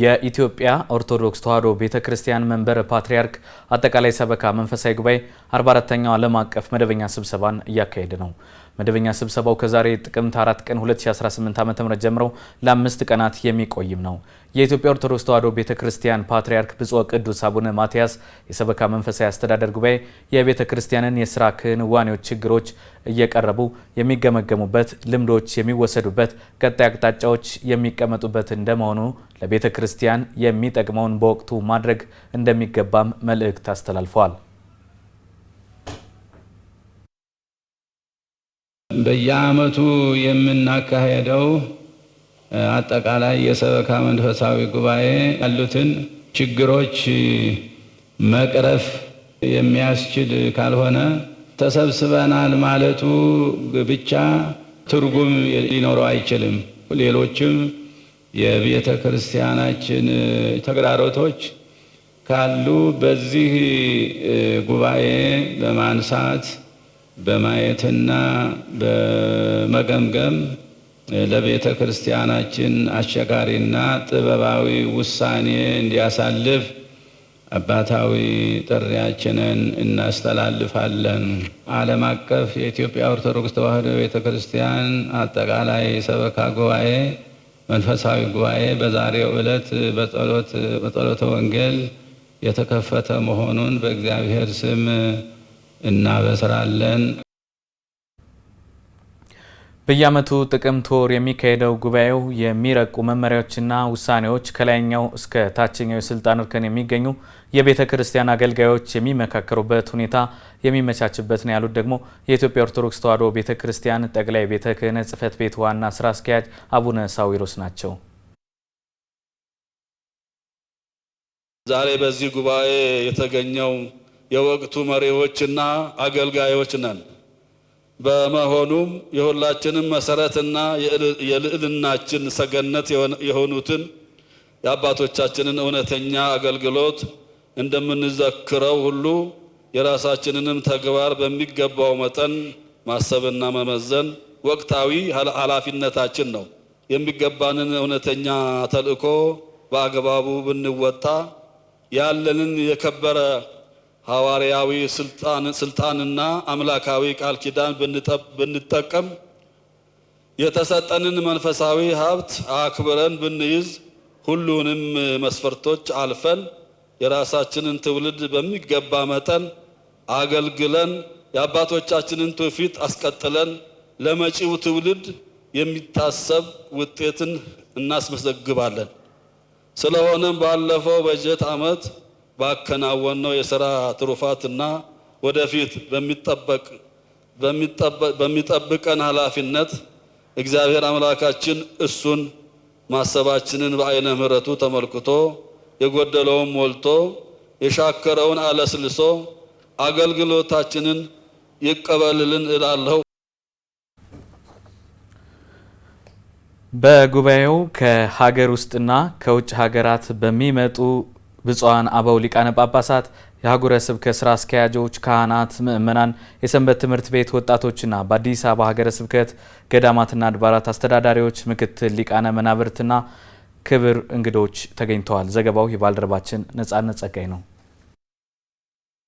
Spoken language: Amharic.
የኢትዮጵያ ኦርቶዶክስ ተዋሕዶ ቤተ ክርስቲያን መንበረ ፓትርያርክ አጠቃላይ ሰበካ መንፈሳዊ ጉባኤ 44ተኛው ዓለም አቀፍ መደበኛ ስብሰባን እያካሄደ ነው። መደበኛ ስብሰባው ከዛሬ ጥቅምት 4 ቀን 2018 ዓ.ም ጀምሮ ለአምስት ቀናት የሚቆይም ነው። የኢትዮጵያ ኦርቶዶክስ ተዋሕዶ ቤተ ክርስቲያን ፓትርያርክ ብፁዕ ቅዱስ አቡነ ማትያስ የሰበካ መንፈሳዊ አስተዳደር ጉባኤ የቤተ ክርስቲያንን የስራ ክንዋኔዎች ችግሮች እየቀረቡ የሚገመገሙበት፣ ልምዶች የሚወሰዱበት፣ ቀጣይ አቅጣጫዎች የሚቀመጡበት እንደመሆኑ ለቤተ ክርስቲያን የሚጠቅመውን በወቅቱ ማድረግ እንደሚገባም መልእክት አስተላልፈዋል። በየዓመቱ የምናካሄደው አጠቃላይ የሰበካ መንፈሳዊ ጉባኤ ያሉትን ችግሮች መቅረፍ የሚያስችል ካልሆነ ተሰብስበናል ማለቱ ብቻ ትርጉም ሊኖረው አይችልም። ሌሎችም የቤተ ክርስቲያናችን ተግዳሮቶች ካሉ በዚህ ጉባኤ በማንሳት። በማየትና በመገምገም ለቤተ ክርስቲያናችን አሸጋሪና ጥበባዊ ውሳኔ እንዲያሳልፍ አባታዊ ጥሪያችንን እናስተላልፋለን። ዓለም አቀፍ የኢትዮጵያ ኦርቶዶክስ ተዋሕዶ ቤተ ክርስቲያን አጠቃላይ ሰበካ ጉባኤ መንፈሳዊ ጉባኤ በዛሬው ዕለት በጸሎተ ወንጌል የተከፈተ መሆኑን በእግዚአብሔር ስም እናበስራለን። በየዓመቱ ጥቅምት ወር የሚካሄደው ጉባኤው የሚረቁ መመሪያዎችና ውሳኔዎች ከላይኛው እስከ ታችኛው የስልጣን እርከን የሚገኙ የቤተ ክርስቲያን አገልጋዮች የሚመካከሩበት ሁኔታ የሚመቻችበት ነው ያሉት ደግሞ የኢትዮጵያ ኦርቶዶክስ ተዋሕዶ ቤተ ክርስቲያን ጠቅላይ ቤተ ክህነት ጽሕፈት ቤት ዋና ስራ አስኪያጅ አቡነ ሳዊሮስ ናቸው። ዛሬ በዚህ ጉባኤ የተገኘው የወቅቱ መሪዎችና አገልጋዮች ነን። በመሆኑም የሁላችንም መሰረትና የልዕልናችን ሰገነት የሆኑትን የአባቶቻችንን እውነተኛ አገልግሎት እንደምንዘክረው ሁሉ የራሳችንንም ተግባር በሚገባው መጠን ማሰብና መመዘን ወቅታዊ ኃላፊነታችን ነው። የሚገባንን እውነተኛ ተልዕኮ በአግባቡ ብንወጣ ያለንን የከበረ ሐዋርያዊ ስልጣንና አምላካዊ ቃል ኪዳን ብንጠቀም የተሰጠንን መንፈሳዊ ሀብት አክብረን ብንይዝ ሁሉንም መስፈርቶች አልፈን የራሳችንን ትውልድ በሚገባ መጠን አገልግለን የአባቶቻችንን ትውፊት አስቀጥለን ለመጪው ትውልድ የሚታሰብ ውጤትን እናስመዘግባለን። ስለሆነም ባለፈው በጀት ዓመት ባከናወነው የሥራ ትሩፋትና ወደፊት በሚጠብቀን ኃላፊነት እግዚአብሔር አምላካችን እሱን ማሰባችንን በዓይነ ምሕረቱ ተመልክቶ የጎደለውን ሞልቶ የሻከረውን አለስልሶ አገልግሎታችንን ይቀበልልን እላለሁ። በጉባኤው ከሀገር ውስጥና ከውጭ ሀገራት በሚመጡ ብፁዓን አበው ሊቃነ ጳጳሳት፣ የአህጉረ ስብከት ስራ አስኪያጆች፣ ካህናት፣ ምእመናን፣ የሰንበት ትምህርት ቤት ወጣቶችና በአዲስ አበባ ሀገረ ስብከት ገዳማትና አድባራት አስተዳዳሪዎች፣ ምክትል ሊቃነ መናብርትና ክብር እንግዶች ተገኝተዋል። ዘገባው የባልደረባችን ነጻነት ጸጋይ ነው።